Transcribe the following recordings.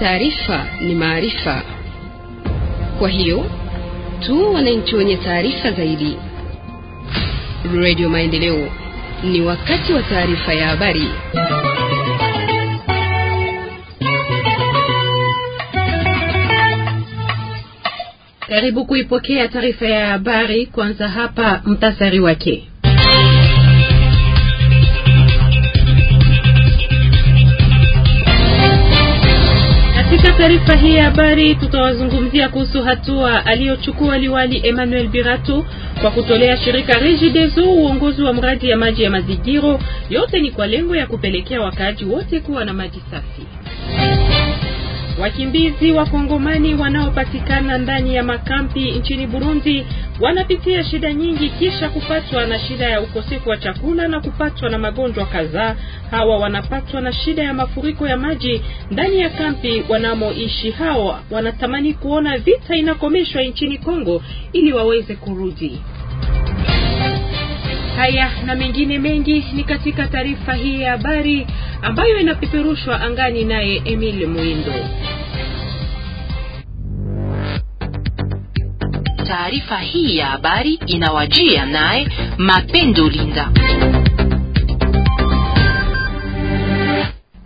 Taarifa ni maarifa, kwa hiyo tu wananchi wenye taarifa zaidi. Radio Maendeleo, ni wakati wa taarifa ya habari. Karibu kuipokea taarifa ya habari. Kwanza hapa mtasari wake. taarifa hii ya habari tutawazungumzia kuhusu hatua aliyochukua liwali Emmanuel Birato kwa kutolea shirika Regideso uongozi wa mradi ya maji ya Mazigiro. Yote ni kwa lengo ya kupelekea wakaaji wote kuwa na maji safi. Wakimbizi wa Kongomani wanaopatikana ndani ya makampi nchini Burundi wanapitia shida nyingi kisha kupatwa na shida ya ukosefu wa chakula na kupatwa na magonjwa kadhaa. Hawa wanapatwa na shida ya mafuriko ya maji ndani ya kampi wanamoishi. Hawa wanatamani kuona vita inakomeshwa nchini Kongo ili waweze kurudi. Haya na mengine mengi ni katika taarifa hii ya habari ambayo inapeperushwa angani naye emil Mwindo. Taarifa hii ya habari inawajia naye Mapendo Linda.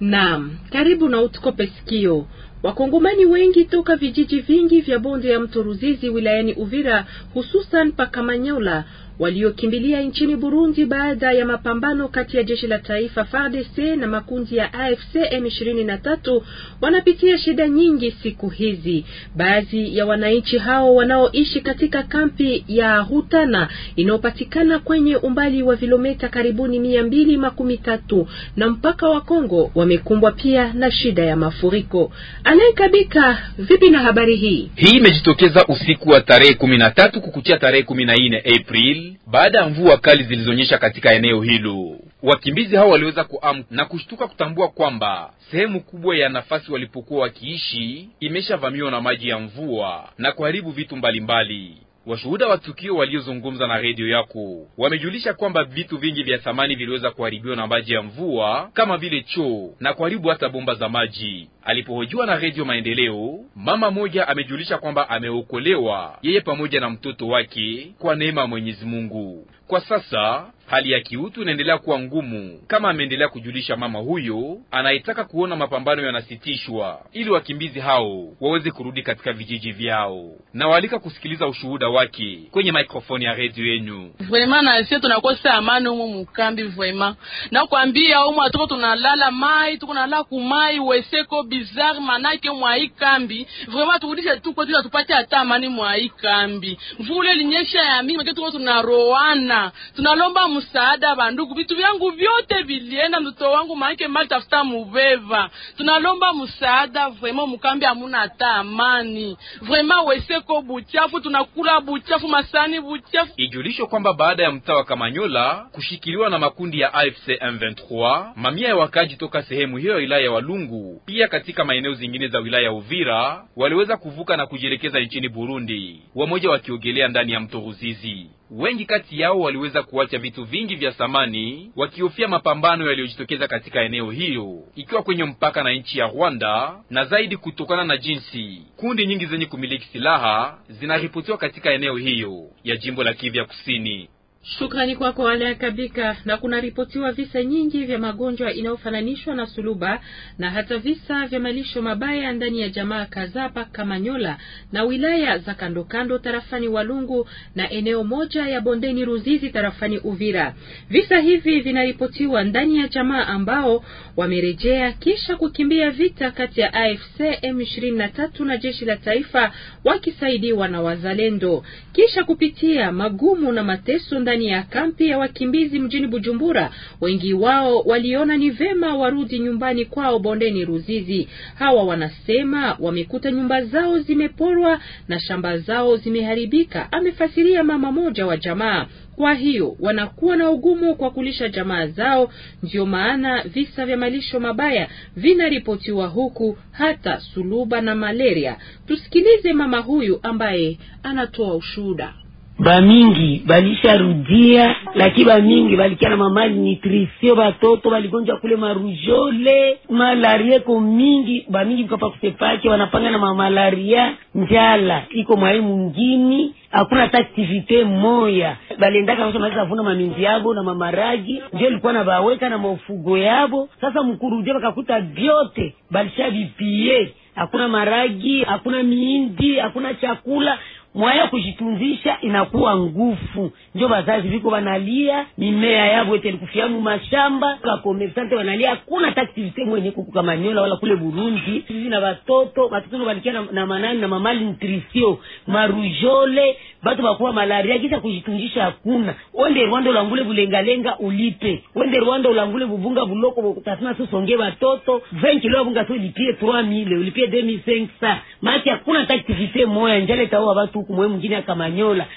Naam, karibu na utuko sikio. Wakongomani wengi toka vijiji vingi vya bonde ya mto Ruzizi wilayani Uvira, hususan pa Kamanyola waliokimbilia nchini Burundi baada ya mapambano kati ya jeshi la taifa FARDC na makundi ya AFC M23 wanapitia shida nyingi siku hizi. Baadhi ya wananchi hao wanaoishi katika kampi ya Rutana inayopatikana kwenye umbali wa vilometa karibuni mia mbili makumi tatu na mpaka wa Kongo wamekumbwa pia na shida ya mafuriko. Anayekabika vipi na habari hii? Hii imejitokeza usiku wa tarehe 13 kukuchia tarehe 14 April baada ya mvua kali zilizonyesha katika eneo hilo. Wakimbizi hao waliweza kuamka na kushtuka kutambua kwamba sehemu kubwa ya nafasi walipokuwa wakiishi imeshavamiwa na maji ya mvua na kuharibu vitu mbalimbali mbali. Washuhuda wa tukio waliozungumza na redio yako wamejulisha kwamba vitu vingi vya thamani viliweza kuharibiwa na maji ya mvua kama vile choo na kuharibu hata bomba za maji. Alipohojiwa na redio Maendeleo, mama moja amejulisha kwamba ameokolewa yeye pamoja na mtoto wake kwa neema ya Mwenyezi Mungu. Kwa sasa hali ya kiutu inaendelea kuwa ngumu, kama ameendelea kujulisha mama huyo anayetaka kuona mapambano yanasitishwa ili wakimbizi hao waweze kurudi katika vijiji vyao. Na kusikiliza ushuhuda wake kwenye mikrofoni ya redio yenu. Vrema na sie tunakosa amani umu mukambi, vrema nakwambia, umu atuko tunalala mai, tuko nalala kumai weseko bizare manake mwai kambi vrema turudishe tu kwetu, tupate hata amani mwai kambi. Mvule linyesha ya mingi, tuko tunaroana Tunalomba msaada bandugu, vitu vyangu vyote vilienda, mtoto wangu maake mali tafuta mubeva. Tunalomba msaada vraiment, mukambi amuna hata amani vrema, weseko buchafu, tunakula buchafu, masani buchafu. Ijulisho kwamba baada ya mtaa wa Kamanyola kushikiliwa na makundi ya AFC M23, mamia ya wakaji toka sehemu hiyo ya wilaya ya Walungu pia katika maeneo zingine za wilaya ya Uvira waliweza kuvuka na kujielekeza nchini Burundi, wamoja wakiogelea ndani ya mto Ruzizi. Wengi kati yao waliweza kuacha vitu vingi vya samani wakihofia mapambano yaliyojitokeza katika eneo hiyo, ikiwa kwenye mpaka na nchi ya Rwanda, na zaidi kutokana na jinsi kundi nyingi zenye kumiliki silaha zinaripotiwa katika eneo hiyo ya jimbo la Kivu ya Kusini. Shukrani kwako Alea Kabika. Na kunaripotiwa visa nyingi vya magonjwa inayofananishwa na suluba na hata visa vya malisho mabaya ndani ya jamaa kadhaa pa Kamanyola na wilaya za kandokando tarafani Walungu na eneo moja ya bondeni Ruzizi tarafani Uvira. Visa hivi vinaripotiwa ndani ya jamaa ambao wamerejea kisha kukimbia vita kati ya AFC M23 na jeshi la taifa wakisaidiwa na wazalendo kisha kupitia magumu na mateso ndani ya kampi ya wakimbizi mjini Bujumbura, wengi wao waliona ni vema warudi nyumbani kwao bondeni Ruzizi. Hawa wanasema wamekuta nyumba zao zimeporwa na shamba zao zimeharibika, amefasiria mama moja wa jamaa. Kwa hiyo wanakuwa na ugumu kwa kulisha jamaa zao, ndio maana visa vya malisho mabaya vinaripotiwa huku, hata suluba na malaria. Tusikilize mama huyu ambaye anatoa ushuhuda bamingi balisharudia lakini bamingi balikia na mamali nitrisio batoto baligonjwa kule marujole malaria iko mingi bamingi vikapa kusepake wanapanga na mamalaria njala iko mwai mungini hakuna hata aktivite moya baliendaka bashamaliza vuna maminzi yabo na mamaragi ndio ilikuwa na baweka na mafugo yabo sasa mkurudia bakakuta vyote balishavipie hakuna maragi hakuna miindi hakuna chakula mwaya kujitunzisha inakuwa ngufu, ndio bazazi viko wanalia mimea yavo ete likufia mu mashamba kakomersante wanalia, hakuna hata aktivite mwenye kukukamanyola wala kule Burundi sisi na batoto watoto walikia na, na manani na mamali nutrisio marujole batu bakuwa malaria kisa kujitunzisha hakuna. Wende Rwanda ulangule bulengalenga ulipe, wende Rwanda ulangule bubunga buloko tasema susonge batoto 20 kilo abunga tu ulipie 3 3000 ulipie 2500 maana hakuna hata aktivite moya njale taua batu huku mwe mwingine akamanyola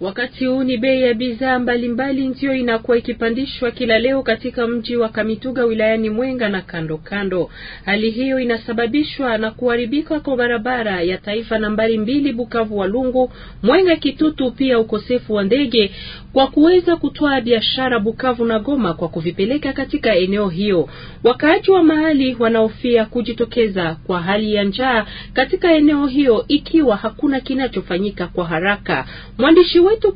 Wakati huu ni bei ya bidhaa mbalimbali ndiyo inakuwa ikipandishwa kila leo katika mji wa Kamituga wilayani Mwenga na kando kando. Hali hiyo inasababishwa na kuharibika kwa barabara ya taifa nambari mbili Bukavu Walungu Mwenga Kitutu, pia ukosefu wa ndege kwa kuweza kutoa biashara Bukavu na Goma kwa kuvipeleka katika eneo hiyo. Wakaaji wa mahali wanaofia kujitokeza kwa hali ya njaa katika eneo hiyo ikiwa hakuna kinachofanyika kwa haraka. Mwandishi wetu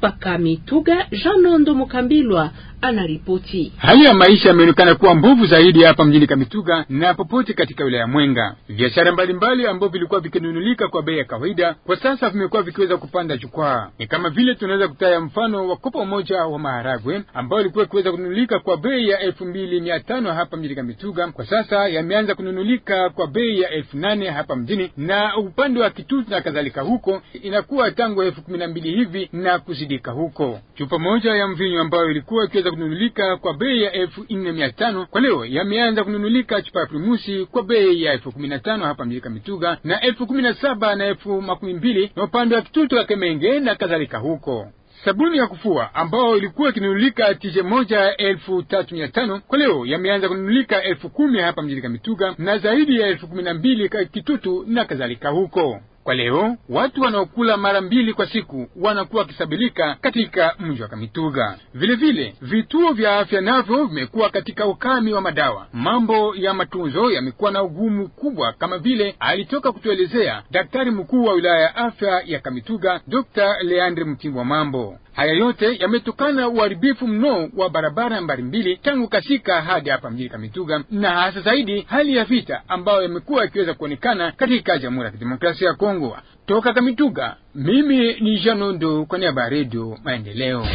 tuga Jean Nondo Mukambilwa anaripoti. Hali ya maisha yameonekana kuwa mbovu zaidi hapa mjini Kamituga na popote katika wilaya Mwenga. Biashara mbalimbali ambavyo vilikuwa vikinunulika kwa bei ya kawaida kwa sasa vimekuwa vikiweza kupanda jukwaa. Ni kama vile tunaweza kutaya mfano wa kopo moja wa maharagwe ambayo ilikuwa ikiweza kununulika kwa bei ya elfu mbili mia tano hapa mjini Kamituga, kwa sasa yameanza kununulika kwa bei ya elfu nane hapa mjini, na upande wa Kitutu na kadhalika huko inakuwa tangu elfu kumi na mbili hivi na kuzidika huko. Chupa moja ya mvinyo ambayo ilikuwa ikiweza yameanza kununulika kwa bei ya elfu nne mia tano kwa leo. Yameanza kununulika chupa ya primusi kwa bei ya elfu kumi na tano hapa mjini Kamituga na elfu kumi na saba na elfu makumi mbili na upande wa Kitutu wa Kemenge na kadhalika huko sabuni ya kufua ambayo ilikuwa ikinunulika tije moja elfu tatu mia tano kwa leo yameanza kununulika elfu kumi hapa mjini Kamituga na zaidi ya elfu kumi na mbili Kitutu na kadhalika huko. Kwa leo watu wanaokula mara mbili kwa siku wanakuwa wakisabilika katika mji wa Kamituga. Vilevile vituo vya afya navyo vimekuwa katika ukami wa madawa. Mambo ya matunzo yamekuwa na ugumu kubwa, kama vile alitoka kutuelezea daktari mkuu wa wilaya ya afya ya Kamituga, Dr. Leandre Mtimbwa Mambo. Haya yote yametokana uharibifu mno wa barabara mbalimbili tangu Kasika hadi hapa mjini Kamituga, na hasa zaidi hali ya vita ambayo yamekuwa yakiweza kuonekana katika Jamhuri ya Kidemokrasia ya Kongo. Toka Kamituga, mimi ni Janondo kwa niaba ya Redio Maendeleo.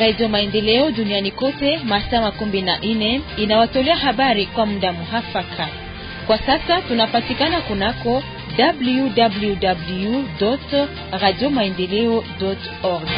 Radio Maendeleo duniani kote masaa makumi na nne inawatolea habari kwa muda muhafaka. Kwa sasa tunapatikana kunako www.radiomaendeleo.org.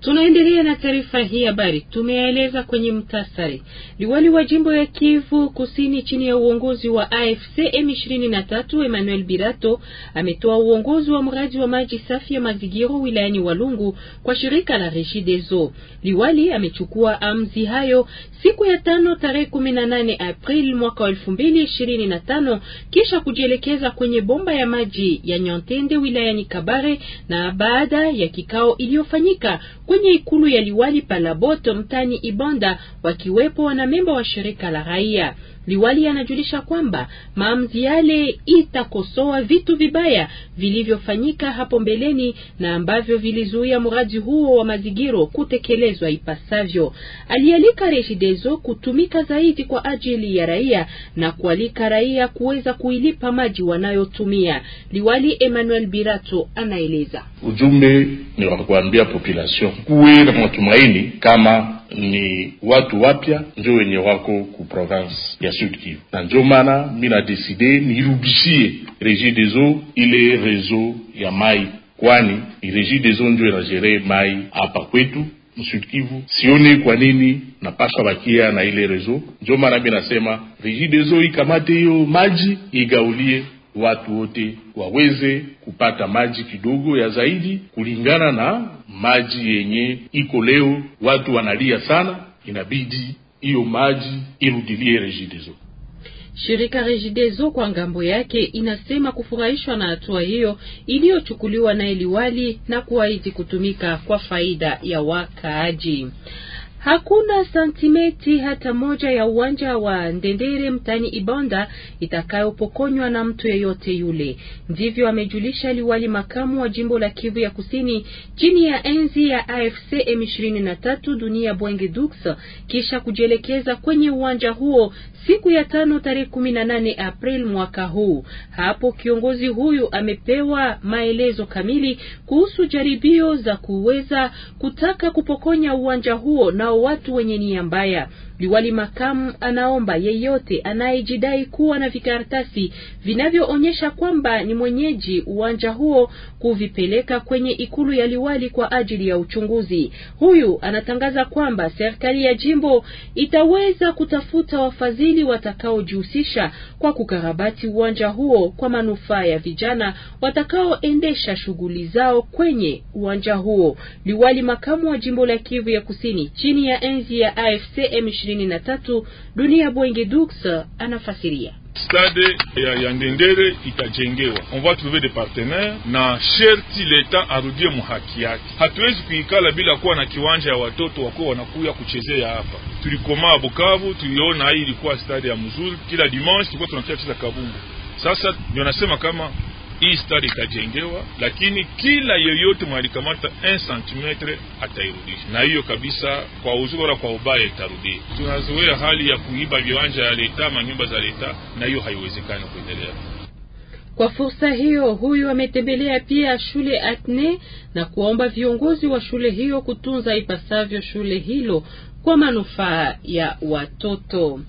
Tunaendelea na taarifa hii habari tumeeleza kwenye mtasari. Liwali wa jimbo ya Kivu Kusini chini ya uongozi wa AFC M23 Emmanuel Birato ametoa uongozi wa mradi wa maji safi ya Mazigiro wilayani Walungu kwa shirika la Regideso. Liwali amechukua amzi hayo siku ya tano tarehe 18 Aprili mwaka 2025 kisha kujielekeza kwenye bomba ya maji ya Nyontende wilayani Kabare na baada ya kikao iliyofanyika kwenye ikulu ya liwali Palaboto mtani Ibanda, wakiwepo wanamemba wa shirika la raia. Liwali anajulisha kwamba maamuzi yale itakosoa vitu vibaya vilivyofanyika hapo mbeleni na ambavyo vilizuia mradi huo wa mazigiro kutekelezwa ipasavyo. Alialika Regideso kutumika zaidi kwa ajili ya raia na kualika raia kuweza kuilipa maji wanayotumia. Liwali Emmanuel Birato anaeleza ujumbe ni wa kuambia population kuwe na matumaini kama ni watu wapya njo wenye wako ku province ya Sud Kivu, na njo maana mi na deside niirudishie Regideso ile rezo ya mai, kwani Regideso njo inajere mai hapa kwetu Sud Kivu. Sioni kwa nini napashwa bakia na ile rezo. Njo maana mi nasema Regideso ikamate hiyo maji igaulie watu wote waweze kupata maji kidogo ya zaidi kulingana na maji yenye iko leo. Watu wanalia sana, inabidi hiyo maji irudilie Regideso. Shirika Regideso kwa ngambo yake inasema kufurahishwa na hatua hiyo iliyochukuliwa na eliwali na kuahidi kutumika kwa faida ya wakaaji. Hakuna santimeti hata moja ya uwanja wa Ndendere mtani ibonda itakayopokonywa na mtu yeyote yule. Ndivyo amejulisha liwali makamu wa jimbo la Kivu ya Kusini chini ya enzi ya AFC M23 Dunia Bwenge Dux kisha kujielekeza kwenye uwanja huo siku ya tano tarehe kumi na nane Aprili mwaka huu. Hapo kiongozi huyu amepewa maelezo kamili kuhusu jaribio za kuweza kutaka kupokonya uwanja huo nao watu wenye nia mbaya. Liwali makamu anaomba yeyote anayejidai kuwa na vikaratasi vinavyoonyesha kwamba ni mwenyeji uwanja huo kuvipeleka kwenye ikulu ya liwali kwa ajili ya uchunguzi. Huyu anatangaza kwamba serikali ya jimbo itaweza kutafuta wafadhili wawili watakaojihusisha kwa kukarabati uwanja huo kwa manufaa ya vijana watakaoendesha shughuli zao kwenye uwanja huo. Liwali makamu wa jimbo la Kivu ya Kusini chini ya enzi ya AFC M23 Dunia Bwenge Dux anafasiria stade ya, yandendere Ndendere itajengewa. On va trouver des partenaires na sherti leta arudie muhaki yake. Hatuwezi kuikala bila kuwa na kiwanja ya watoto wakuwa wanakuya kuchezea hapa. Tulikomaa Bukavu, tuliona hii ilikuwa stade ya mzuri, kila dimanche tulikuwa tunakuya cheza kabumbu. Sasa ndio nasema kama hii stari itajengewa, lakini kila yoyote mwalikamata 1 cm atairudisha, na hiyo kabisa, kwa uzuri kwa ubaya itarudia. Tunazoea hali ya kuiba viwanja ya leta manyumba za leta, na hiyo haiwezekani kuendelea. Kwa fursa hiyo, huyu ametembelea pia shule Atne na kuomba viongozi wa shule hiyo kutunza ipasavyo shule hilo kwa manufaa ya watoto.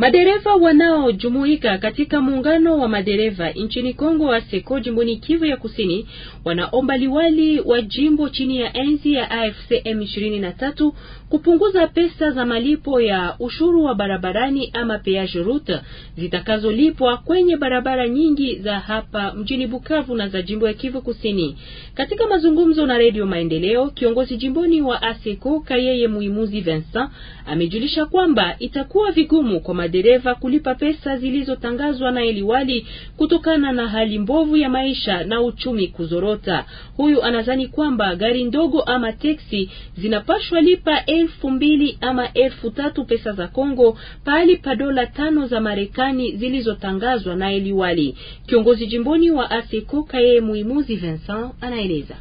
Madereva wanaojumuika katika muungano wa madereva nchini Kongo ASECO jimboni Kivu ya Kusini wanaomba liwali wa jimbo chini ya enzi ya AFCM 23 kupunguza pesa za malipo ya ushuru wa barabarani ama peage route zitakazolipwa kwenye barabara nyingi za hapa mjini Bukavu na za jimbo ya Kivu Kusini. Katika mazungumzo na Redio Maendeleo, kiongozi jimboni wa Aseko Kayeye Muimuzi Vincent amejulisha kwamba itakuwa vigumu kwa madereva kulipa pesa zilizotangazwa na eliwali kutokana na hali mbovu ya maisha na uchumi kuzorota. Huyu anadhani kwamba gari ndogo ama teksi zinapashwa lipa elfu mbili ama elfu tatu pesa za Kongo pahali pa dola tano za Marekani zilizotangazwa na eliwali. Kiongozi jimboni wa ASECO Kaye Muimuzi Vincent anaeleza.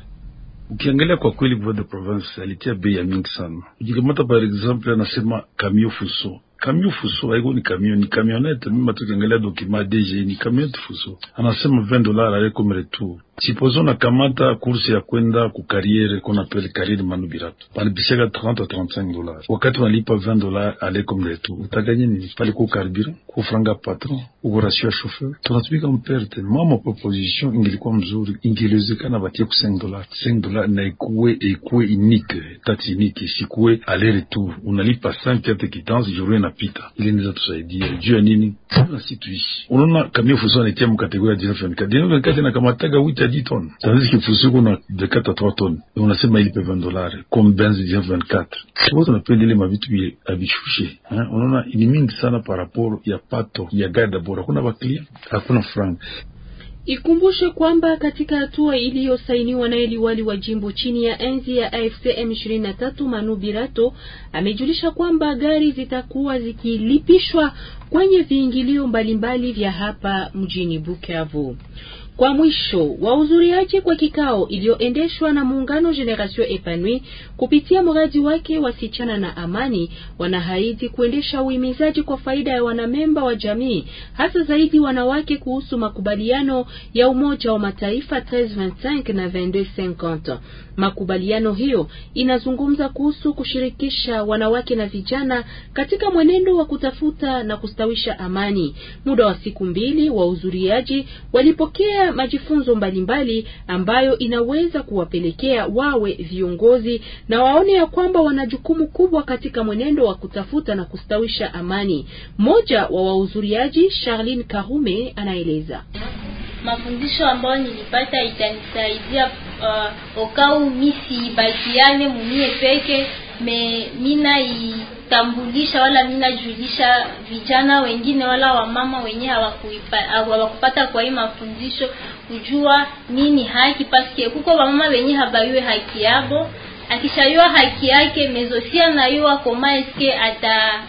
Ukiangalia kwa kweli, gouvernement de province alitia bei ya mingi sana ujikamata. Par exemple, anasema kamio fuso kamio fuso haiko ni kamio ni kamionete. Mimi tukiangalia dokima DG ni kamionete fuso, anasema 20 dollars aliko mretour Sipozo na kamata kursi ya kwenda kukariere kona pele kariere manu biratu banibishaga 30 a 35 dollars, wakati wanalipa 20 dollars ale comme letu, utaganye nini pale? Ku karibira ku franga patron ukurasio ya chauffeur, tunatumika mperte. Mama proposition ingilikuwa mzuri, ingiliwezekana batie ku 5 dollars, 5 dollars na ikuwe ikuwe unique tax unique, sikuwe ale retour, unalipa 5 carte quittance jour na pita, ile ndizo tusaidia juu ya nini. Sasa si tuishi, unaona kamio fuso anatia mkategoria 19 24 19 na kamataga 8 10 tonnes. Ça veut dire qu'il faut ce qu'on a de 4 à 3 tonnes. Et on a ces maïs ilipe 20 dollars comme Benz 24. Kwa tunapenda ile mavitu ya avishushie. Unaona ni mingi sana par rapport il il n'y a a pas de y ya pato ya gada bora. Hakuna wakili, hakuna franc. Ikumbushe kwamba katika hatua iliyosainiwa naye liwali wa jimbo chini ya enzi ya AFC M23 Manu Birato amejulisha kwamba gari zitakuwa zikilipishwa kwenye viingilio mbalimbali vya hapa mjini Bukavu. Kwa mwisho, wahudhuriaji kwa kikao iliyoendeshwa na muungano Generation Epanui kupitia mradi wake wasichana na amani, wanahaidi kuendesha uhimizaji kwa faida ya wanamemba wa jamii, hasa zaidi wanawake, kuhusu makubaliano ya Umoja wa Mataifa 1325 na 2250. Makubaliano hiyo inazungumza kuhusu kushirikisha wanawake na vijana katika mwenendo wa kutafuta na kustawisha amani. Muda wa siku mbili, wahudhuriaji walipokea majifunzo mbalimbali ambayo inaweza kuwapelekea wawe viongozi na waone ya kwamba wana jukumu kubwa katika mwenendo wa kutafuta na kustawisha amani. Mmoja wa wahudhuriaji Charlene Karume anaeleza. Mafundisho ambayo nilipata itanisaidia uh, okau ibakiane mumie peke me mina i kutambulisha wala minajulisha vijana wengine wala wamama wenye hawakupata kwa hii mafundisho kujua nini haki paske kuko wamama wenye habayue haki yabo akishayua haki yake mezofia nayua koma eske ata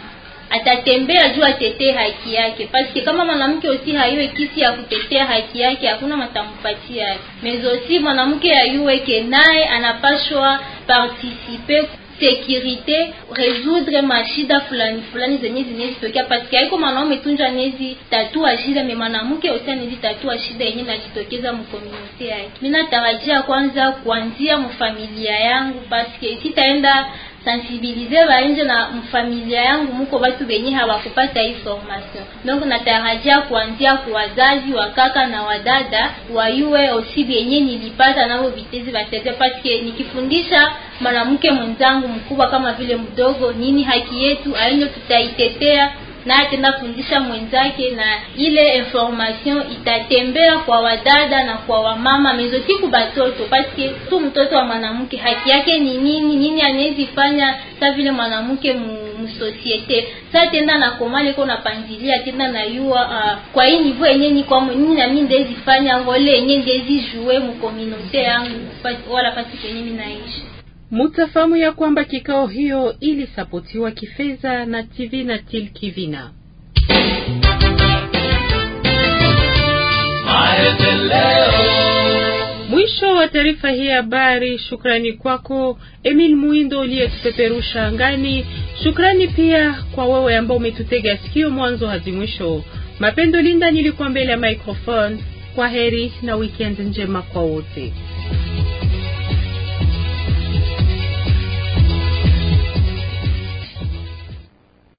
atatembea juu atetee haki yake, paske kama mwanamke osi hayue kisi ya kutetea haki yake, hakuna matampatia yake mezosi mwanamke ayuweke naye anapashwa partisipe sekirite resoudre mashida fulani fulani zenye zinezitokea paske aiko mwanaume tunja nezi tatua shida me mwanamke osi anezi tatua shida yenye najitokeza mkomunite yake. Mimi natarajia kwanza kuanzia mufamilia yangu paske sitaenda sensibilize nje na mfamilia yangu muko batu benye hawakupata hii formation. Donc natarajia kuanzia kuwazazi wakaka na wadada wayue osi benye nilipata navo vitezi vatete paske nikifundisha mwanamke mwenzangu mkubwa kama vile mdogo nini haki yetu aende, tutaitetea na atenda fundisha mwenzake, na ile information itatembea kwa wadada na kwa wamama mezoti batoto, paske tu mtoto wa mwanamke haki yake ni nini, nini anawezi fanya sa vile mwanamke msosiete. Sa tenda na komale napangilia tenda na yua uh, kwa hii nivo yenye ni kwamo nini nami ndezi fanya ngole yenye ndezi jue mu communauté yangu wala pasi kwenye minaishi Mutafahamu ya kwamba kikao hiyo ilisapotiwa kifedha na TV na Til Kivina. Mwisho wa taarifa hii habari. Shukrani kwako Emil Muindo uliyetupeperusha angani. Shukrani pia kwa wewe ambao umetutega sikio mwanzo hadi mwisho. Mapendo Linda nilikuwa mbele ya microphone. Kwa heri na weekend njema kwa wote.